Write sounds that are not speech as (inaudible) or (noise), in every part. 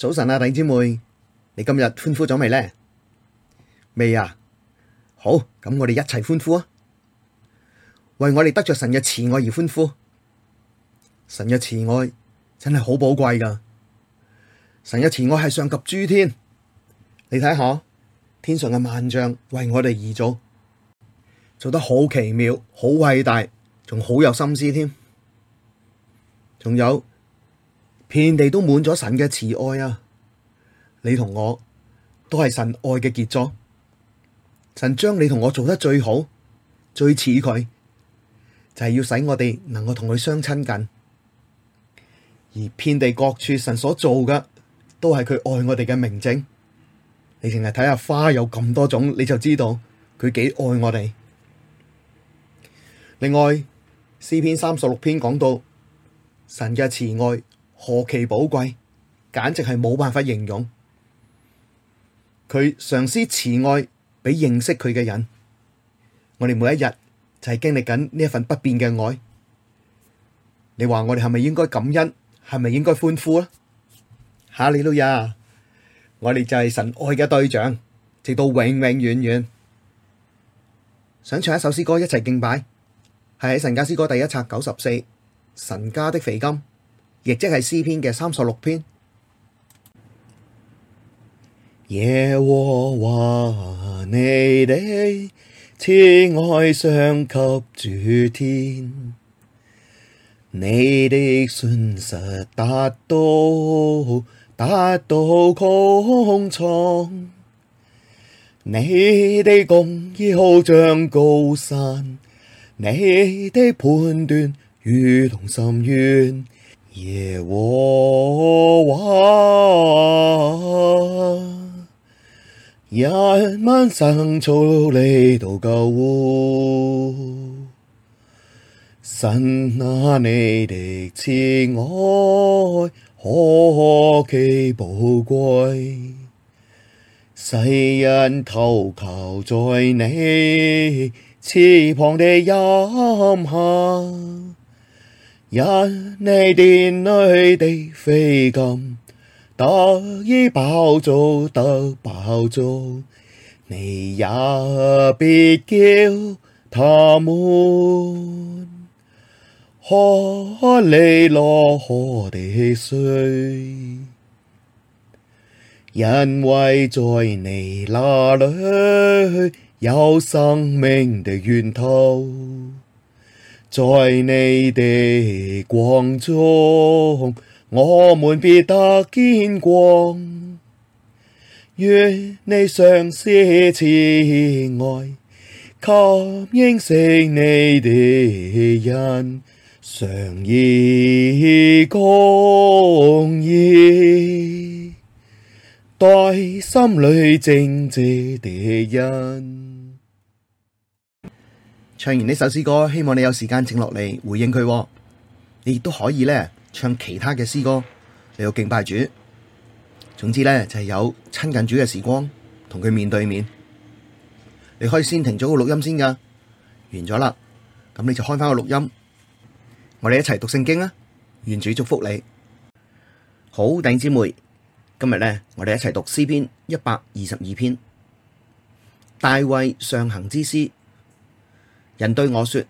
早晨啊，弟姐妹，你今日歡呼咗未呢？未啊，好，咁我哋一齊歡呼啊！為我哋得着神嘅慈愛而歡呼，神嘅慈愛真係好寶貴噶，神嘅慈愛係上及諸天，你睇下天上嘅萬象為我哋而做，做得好奇妙，好偉大，仲好有心思添，仲有。遍地都滿咗神嘅慈愛啊！你同我都係神愛嘅傑作，神將你同我做得最好、最似佢，就係要使我哋能夠同佢相親近。而遍地各處神所做嘅，都係佢愛我哋嘅明證。你淨係睇下花有咁多種，你就知道佢幾愛我哋。另外，詩篇三十六篇講到神嘅慈愛，何其寶貴，簡直係冇辦法形容。佢常施慈愛俾認識佢嘅人，我哋每一日就係經歷緊呢一份不變嘅愛。你話我哋係咪應該感恩？係咪應該歡呼啊？哈利路亞！我哋就係神愛嘅對象，直到永永遠遠。想唱一首詩歌一齊敬拜，係喺神家詩歌第一冊九十四《神家的肥甘》。亦即係詩篇嘅三十六篇。 (noise) 耶和華你的慈愛上及諸天，你的信實達到達到穹蒼，你的公義好像高山，你的判斷如同深淵。耶和華，人民牲畜祢都救護。神啊！你的慈愛何其寶貴，世人投靠在你翅膀的蔭下。因你殿裡的肥甘，得以飽足得飽足，你也必叫他們喝你樂河的水，因為在你那裡有生命的源頭。在你的光中，我們必得見光。願你常施慈愛，給認識你的人常以公義，待心裏正直的人。唱完呢首詩歌，希望你有時間靜落嚟，回應佢。你亦都可以咧唱其他嘅詩歌，你到敬拜主。總之咧就係有親近主嘅時光，同佢面對面。你可以先停咗個錄音先噶，完咗啦，咁你就開翻個錄音。我哋一齊讀聖經啊！願主祝福你。好，弟兄姊妹，今日咧我哋一齊讀詩篇一百二十二篇，大衛上行之詩。人對我說：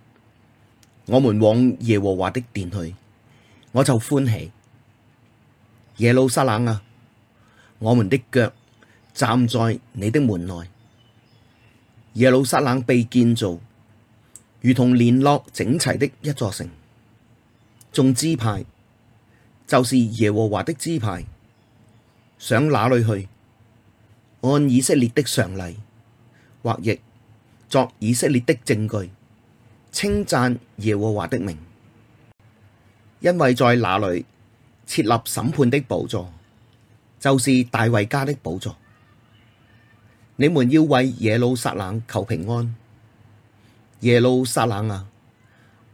我們往耶和華的殿去，我就歡喜。耶路撒冷啊，我們的腳站在你的門內。耶路撒冷被建造，如同聯絡整齊的一座城。眾支派就是耶和華的支派，上哪裏去？按以色列的常例，或譯作以色列的證據。稱讚耶和華的名，因為在那裏設立審判的寶座，就是大衛家的寶座。你們要為耶路撒冷求平安，耶路撒冷啊，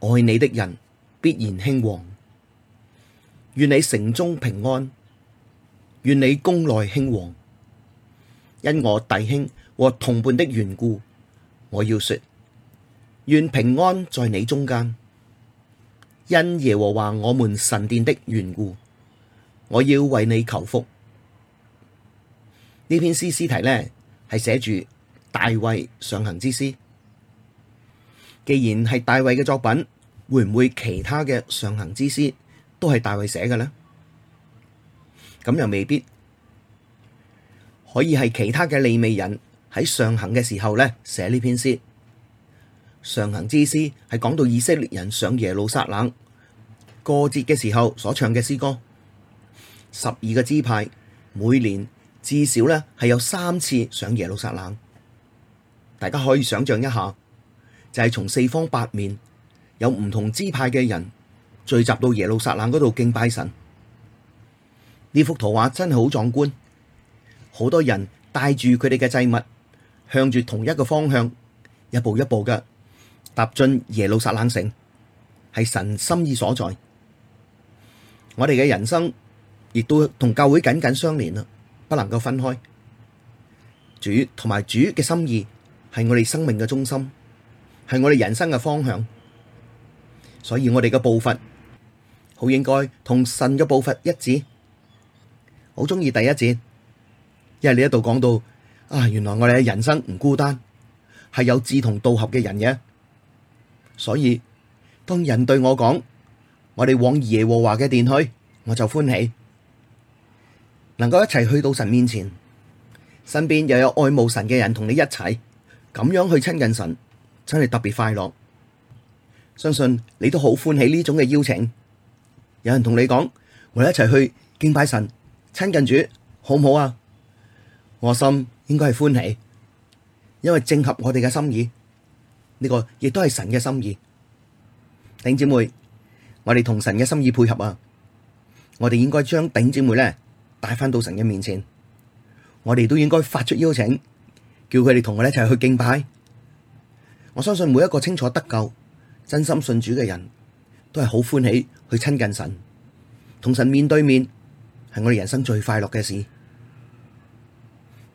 愛你的人必然興旺，願你城中平安，願你宮內興旺，因我弟兄和同伴的緣故，我要說。願平安在你中間，因耶和華我們神殿的緣故，我要為你求福。呢篇詩詩題呢，係寫住大衛上行之詩。既然係大衛嘅作品，會唔會其他嘅上行之詩都係大衛寫嘅呢？咁又未必，可以係其他嘅利未人喺上行嘅時候呢，寫呢篇詩。上行之詩係講到以色列人上耶路撒冷過節嘅時候所唱嘅詩歌。十二個支派每年至少咧係有三次上耶路撒冷，大家可以想象一下，就係從四方八面有唔同支派嘅人聚集到耶路撒冷嗰度敬拜神。呢幅圖畫真係好壯觀，好多人帶住佢哋嘅祭物向住同一個方向一步一步嘅。踏進耶路撒冷城，係神心意所在。我哋嘅人生亦都同教會緊緊相連啦，不能夠分開。主同埋主嘅心意係我哋生命嘅中心，係我哋人生嘅方向。所以我哋嘅步伐好應該同神嘅步伐一致。好中意第一節，因為你一度講到啊，原來我哋嘅人生唔孤單，係有志同道合嘅人嘅。所以，當人對我講，我哋往耶和華嘅殿去，我就歡喜，能夠一齊去到神面前，身邊又有愛慕神嘅人同你一齊，咁樣去親近神，真係特別快樂。相信你都好歡喜呢種嘅邀請，有人同你講，我哋一齊去敬拜神、親近主，好唔好啊？我心應該係歡喜，因為正合我哋嘅心意。呢個亦都係神嘅心意，頂姐妹，我哋同神嘅心意配合啊！我哋應該將頂姐妹咧帶翻到神嘅面前，我哋都應該發出邀請，叫佢哋同我哋一齊去敬拜。我相信每一個清楚得救、真心信主嘅人，都係好歡喜去親近神，同神面對面係我哋人生最快樂嘅事。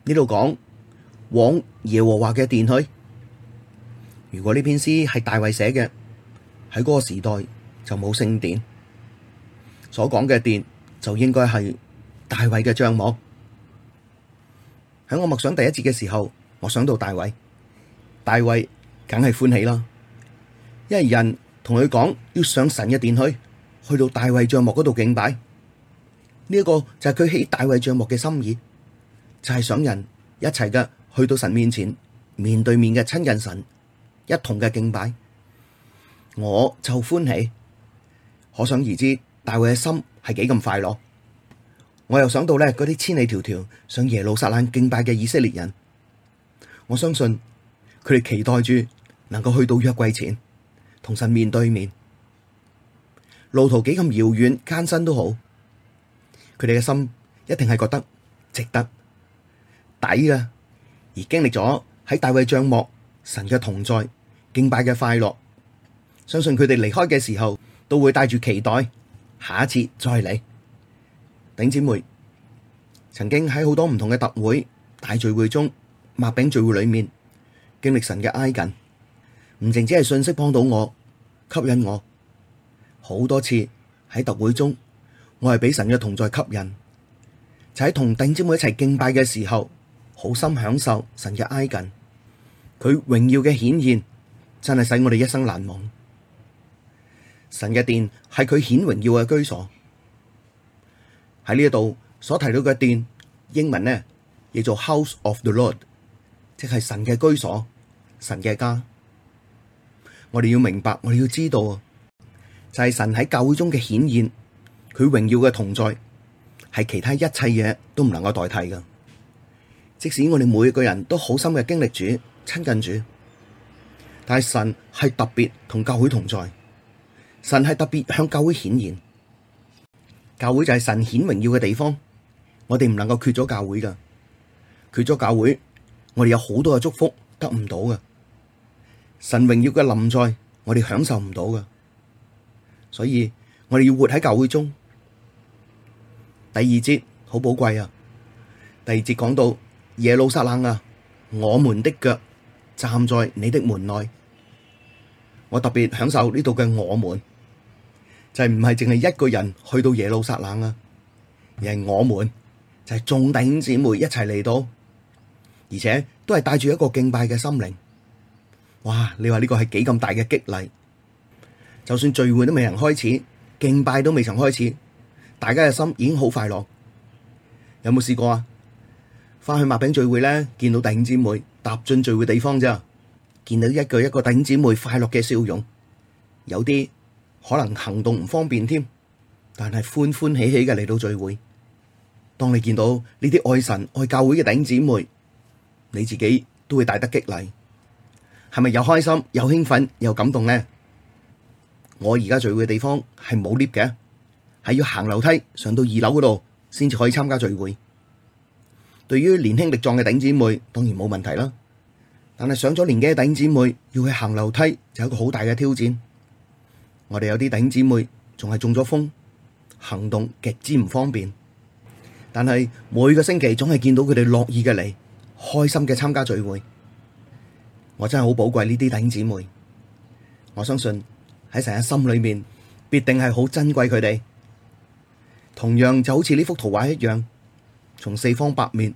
呢度講往耶和華嘅殿去。如果呢篇詩係大衛寫嘅，喺嗰個時代就冇聖殿所講嘅殿，殿就應該係大衛嘅帳幕。喺我默想第一節嘅時候，我想到大衛，大衛梗係歡喜啦，因為人同佢講要上神嘅殿去，去到大衛帳幕嗰度敬拜呢一，這個就係佢起大衛帳幕嘅心意，就係、是、想人一齊嘅去到神面前面對面嘅親近神。一同嘅敬拜，我就歡喜。可想而知，大衛嘅心係幾咁快樂。我又想到咧，嗰啲千里迢迢上耶路撒冷敬拜嘅以色列人，我相信佢哋期待住能夠去到約櫃前，同神面對面。路途幾咁遙遠艱辛都好，佢哋嘅心一定係覺得值得，抵啊！而經歷咗喺大衛嘅帳幕。神嘅同在，敬拜嘅快樂，相信佢哋離開嘅時候都會帶住期待，下一次再嚟。頂姊妹曾經喺好多唔同嘅特會、大聚會中、擘餅聚會裏面，經歷神嘅挨近，唔淨只係信息幫到我，吸引我好多次喺特會中，我係俾神嘅同在吸引，就喺同頂姊妹一齊敬拜嘅時候，好心享受神嘅挨近。佢榮耀嘅顯現真係使我哋一生難忘。神嘅殿係佢顯榮耀嘅居所，喺呢一度所提到嘅殿，英文呢叫做 House of the Lord，即係神嘅居所，神嘅家。我哋要明白，我哋要知道，就係、是、神喺教會中嘅顯現，佢榮耀嘅同在，係其他一切嘢都唔能夠代替噶。即使我哋每個人都好深嘅經歷住。親近主，但係神係特別同教會同在，神係特別向教會顯現，教會就係神顯榮耀嘅地方。我哋唔能夠缺咗教會噶，缺咗教會，我哋有好多嘅祝福得唔到噶，神榮耀嘅臨在，我哋享受唔到噶。所以我哋要活喺教會中。第二節好寶貴啊！第二節講到耶路撒冷啊，我們的腳。站在你的門內，我特別享受呢度嘅我們，就係唔係淨係一個人去到耶路撒冷啊，而係我們就係、是、眾弟兄姊妹一齊嚟到，而且都係帶住一個敬拜嘅心靈。哇！你話呢個係幾咁大嘅激勵，就算聚會都未曾開始，敬拜都未曾開始，大家嘅心已經好快樂。有冇試過啊？翻去擘餅聚會咧，見到弟兄姊妹踏進聚會地方咋，見到一個一個弟兄姊妹快樂嘅笑容，有啲可能行動唔方便添，但係歡歡喜喜嘅嚟到聚會。當你見到呢啲愛神愛教會嘅弟兄姊妹，你自己都會大得激勵，係咪又開心又興奮又感動呢？我而家聚會嘅地方係冇 lift 嘅，係要行樓梯上到二樓嗰度先至可以參加聚會。對於年輕力壯嘅弟姊妹，當然冇問題啦。但係上咗年紀嘅弟姊妹要去行樓梯，就有一個好大嘅挑戰。我哋有啲弟姊妹仲係中咗風，行動極之唔方便。但係每個星期總係見到佢哋樂意嘅嚟，開心嘅參加聚會。我真係好寶貴呢啲弟姊妹。我相信喺神嘅心裏面，必定係好珍貴佢哋。同樣就好似呢幅圖畫一樣，從四方八面。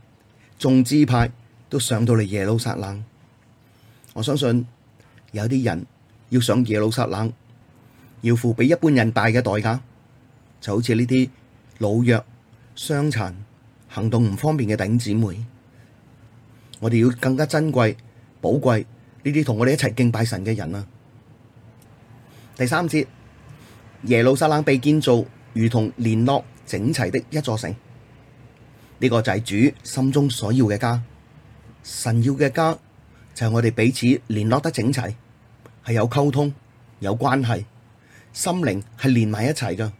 眾支派都上到嚟耶路撒冷，我相信有啲人要上耶路撒冷，要付比一般人大嘅代價，就好似呢啲老弱、傷殘、行動唔方便嘅頂姊妹，我哋要更加珍貴、寶貴呢啲同我哋一齊敬拜神嘅人啊！第三節，耶路撒冷被建造如同連絡整齊的一座城。呢個就係主心中所要嘅家，神要嘅家就係我哋彼此聯絡得整齊，係有溝通、有關係，心靈係連埋一齊噶。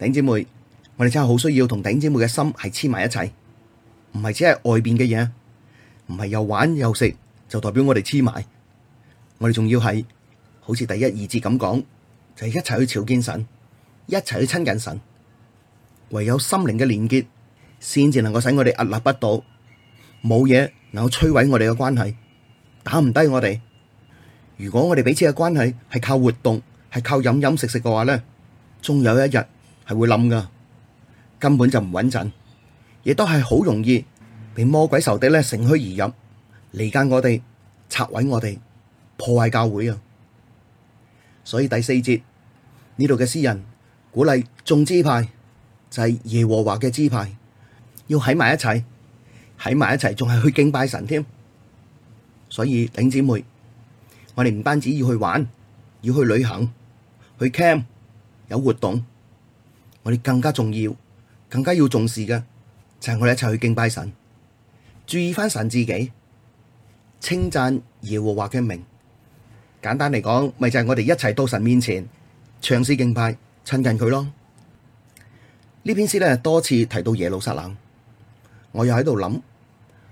頂姐妹，我哋真係好需要同頂姐妹嘅心係黐埋一齊，唔係只係外面嘅嘢，唔係又玩又食就代表我哋黐埋，我哋仲要係好似第一、二節咁講，就係、是、一齊去朝見神，一齊去親近神，唯有心靈嘅連結。先至能夠使我哋屹立不倒，冇嘢能夠摧毀我哋嘅關係，打唔低我哋。如果我哋彼此嘅關係係靠活動，係靠飲飲食食嘅話咧，仲有一日係會冧噶，根本就唔穩陣，亦都係好容易被魔鬼仇敵咧乘虛而入，離間我哋，拆毀我哋，破壞教會啊。所以第四節呢度嘅詩人鼓勵眾支派就係、是、耶和華嘅支派。要喺埋一齊，喺埋一齊仲係去敬拜神添。所以領姊妹，我哋唔單止要去玩，要去旅行，去 camp，有活動，我哋更加重要，更加要重視嘅就係我哋一齊去敬拜神，注意翻神自己，稱讚耶和華嘅名。簡單嚟講，咪就係我哋一齊到神面前，唱詩敬拜，親近佢咯。篇詩呢篇詩咧多次提到耶路撒冷。我又喺度諗，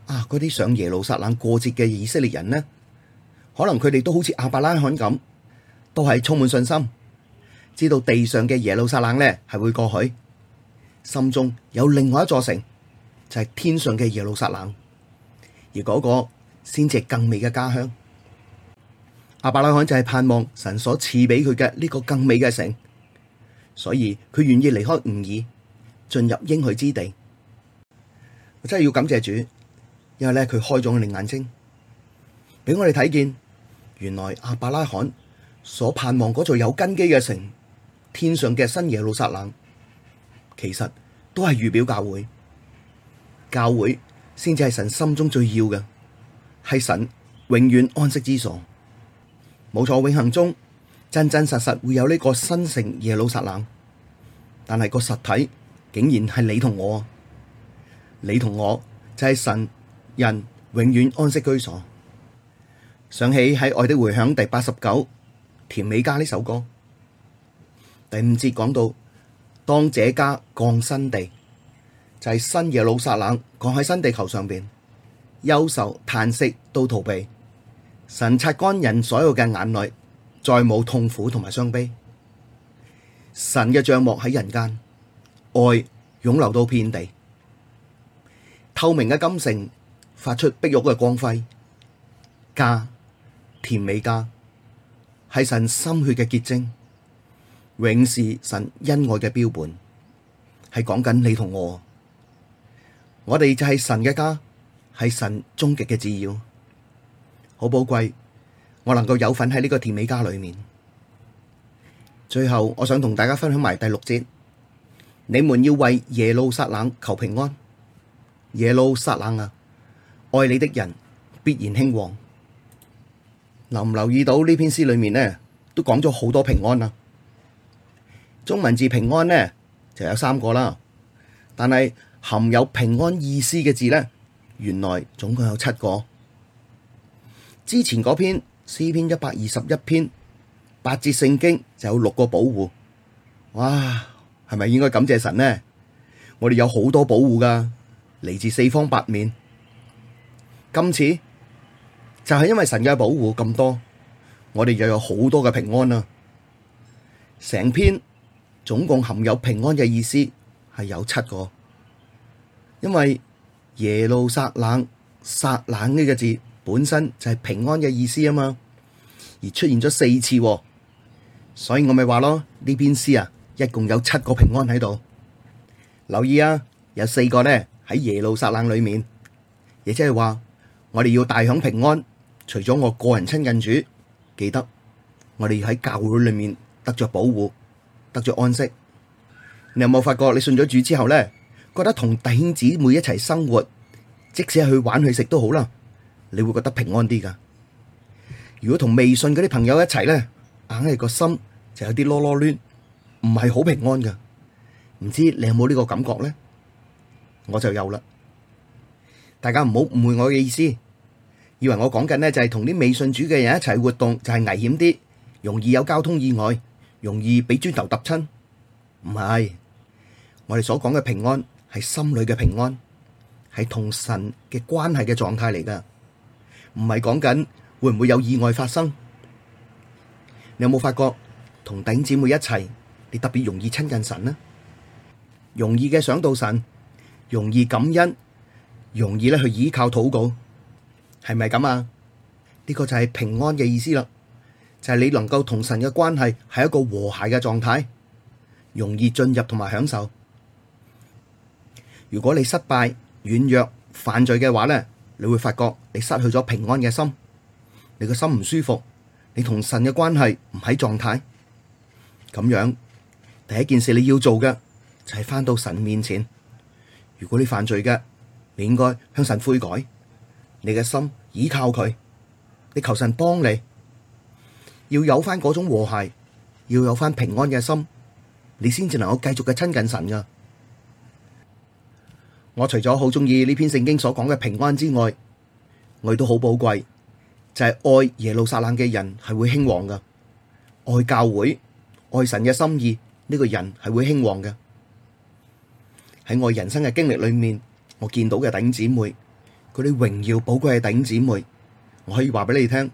啊！嗰啲上耶路撒冷過節嘅以色列人呢？可能佢哋都好似亞伯拉罕咁，都係充滿信心，知道地上嘅耶路撒冷呢係會過去，心中有另外一座城，就係天上嘅耶路撒冷，而嗰個先至係更美嘅家鄉。亞伯拉罕就係盼望神所賜俾佢嘅呢個更美嘅城，所以佢願意離開吾珥，進入應許之地。真係要感謝主，因為咧佢開咗我哋眼睛，俾我哋睇見，原來亞伯拉罕所盼望嗰座有根基嘅城，天上嘅新耶路撒冷，其實都係預表教會，教會先至係神心中最要嘅，係神永遠安息之所。冇錯，永恒中真真實實會有呢個新城耶路撒冷，但係個實體竟然係你同我。你同我就係、是、神人永遠安息居所。想起喺愛的回響第八十九甜美家呢首歌，第五節講到當這家降新地，就係、是、新耶路撒冷，降喺新地球上邊，憂愁嘆息到逃避，神擦乾人所有嘅眼淚，再冇痛苦同埋傷悲。神嘅帳幕喺人間，愛湧流到遍地。透明嘅金城發出碧玉嘅光輝，家甜美家係神心血嘅結晶，永是神恩愛嘅標本。係講緊你同我，我哋就係神嘅家，係神終極嘅旨意，好寶貴。我能夠有份喺呢個甜美家裏面。最後，我想同大家分享埋第六節：你們要為耶路撒冷求平安。耶路撒冷啊，愛你的人必然興旺。留唔留意到呢篇詩裏面呢，都講咗好多平安啊。中文字平安呢就有三個啦，但係含有平安意思嘅字呢，原來總共有七個。之前嗰篇詩篇一百二十一篇八節聖經就有六個保護，哇，係咪應該感謝神呢？我哋有好多保護噶。嚟自四方八面，今次就係、是、因為神嘅保護咁多，我哋又有好多嘅平安啊。成篇總共含有平安嘅意思係有七個，因為耶路撒冷撒冷呢個字本身就係平安嘅意思啊嘛，而出現咗四次、啊，所以我咪話咯呢篇詩啊，一共有七個平安喺度。留意啊，有四個呢。喺耶路撒冷裏面，亦即係話我哋要大享平安。除咗我個人親近主，記得我哋要喺教會裏面得着保護，得着安息。你有冇發覺你信咗主之後咧，覺得同弟兄姊妹一齊生活，即使去玩去食都好啦，你會覺得平安啲噶。如果同未信嗰啲朋友一齊咧，硬係個心就有啲囉囉攣，唔係好平安噶。唔知你有冇呢個感覺咧？我就有啦，大家唔好誤會我嘅意思，以為我講緊呢，就係同啲未信主嘅人一齊活動就係危險啲，容易有交通意外，容易俾磚頭揼親。唔係，我哋所講嘅平安係心裏嘅平安，係同神嘅關係嘅狀態嚟噶，唔係講緊會唔會有意外發生。你有冇發覺同弟兄姊妹一齊，你特別容易親近神呢？容易嘅想到神。容易感恩，容易咧去依靠禱告，係咪咁啊？呢個就係平安嘅意思啦。就係你能夠同神嘅關係係一個和諧嘅狀態，容易進入同埋享受。如果你失敗、軟弱、犯罪嘅話咧，你會發覺你失去咗平安嘅心，你個心唔舒服，你同神嘅關係唔喺狀態。咁樣第一件事你要做嘅就係翻到神面前。如果你犯罪嘅，你應該向神悔改，你嘅心倚靠佢，你求神幫你，要有翻嗰種和諧，要有翻平安嘅心，你先至能夠繼續嘅親近神噶我除咗好中意呢篇聖經所講嘅平安之外，我亦都好寶貴，就係愛耶路撒冷嘅人係會興旺噶愛教會、愛神嘅心意呢個人係會興旺嘅。喺我人生嘅經歷裏面，我見到嘅頂姊妹，佢哋榮耀寶貴嘅頂姊妹，我可以話俾你聽，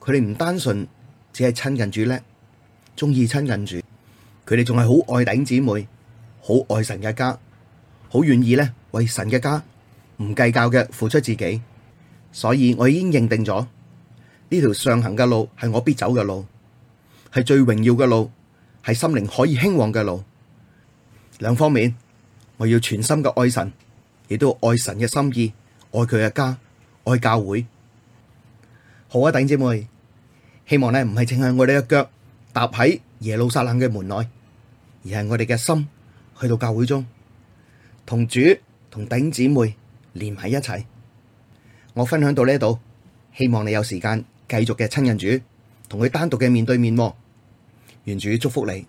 佢哋唔單純只係親近主叻，鍾意親近主。佢哋仲係好愛頂姊妹，好愛神嘅家，好願意咧為神嘅家唔計較嘅付出自己，所以我已經認定咗呢條上行嘅路係我必走嘅路，係最榮耀嘅路，係心靈可以興旺嘅路，兩方面。我要全心嘅愛神，亦都要愛神嘅心意，愛佢嘅家，愛教會。好啊，弟兄姐妹，希望咧唔係淨係我哋嘅腳踏喺耶路撒冷嘅門內，而係我哋嘅心去到教會中，同主同弟兄姐妹連埋一齊。我分享到呢度，希望你有時間繼續嘅親近主，同佢單獨嘅面對面。願主祝福你。